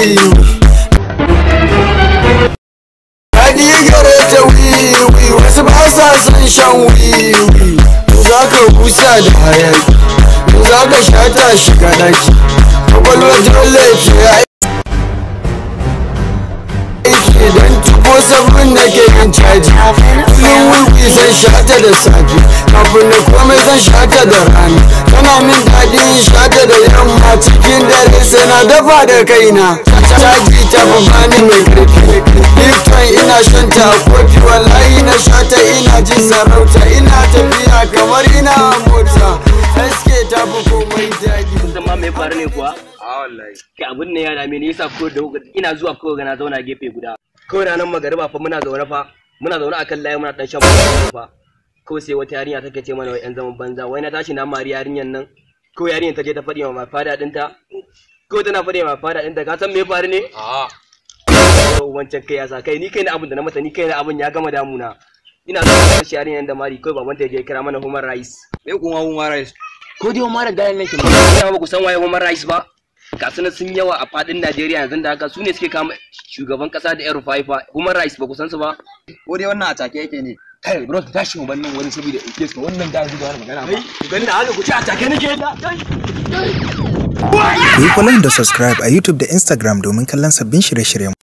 wiwi daɗi gare ta wiwi wasu ba sa son shan wiwi za ka busa da hayaki za ka sha ta shiga daki kwakwalwa dole ce aiki don tuko sabbin na ke yin caji kullum wulki zan shata da safe kafin na komai zan shata da rana tana min daɗi in shata da yamma yare na dafa da kaina shagi ta bani mai karfi lifton ina shan ta kofi wallahi na shata ina jin sarauta ina tafiya kamar ina mota haske ta fi komai daɗi zama mai faru ne kuwa ke abin ne ya dame ni yasa ko da ina zuwa ko ga na zauna gefe guda kawai ranar magariba fa muna zaune fa muna zaune akan layi muna dan shan fa ko sai wata yarinya take ce mana wai yan zaman banza wai na tashi na mari yarinyan nan ko yarinyar ta je ta faɗi ma fada din ta. kawai tana fare ma din da ka san me faru ne wancan kai ya sa kai ni kai na abun da na mata ni kai na abun ya gama damuna ina so ka shi yarin da mari kawai baban ta je kira mana human rights me kuma human rights ko dai human rights ganin nake ba ba ku san waye human rights ba ga su sun yawa a fadin Najeriya yanzu da haka su ne suke kama shugaban kasa da 'yan Faifa fa human rights ba ku san su ba ko dai wannan atake yake ne kai bro ka shi mu bannan wani saboda in case ka wannan da zuwa magana ba ku ganda haka ku ci atake nake da Ku yi follow da subscribe a YouTube da Instagram domin kallon sabbin shirye-shiryen.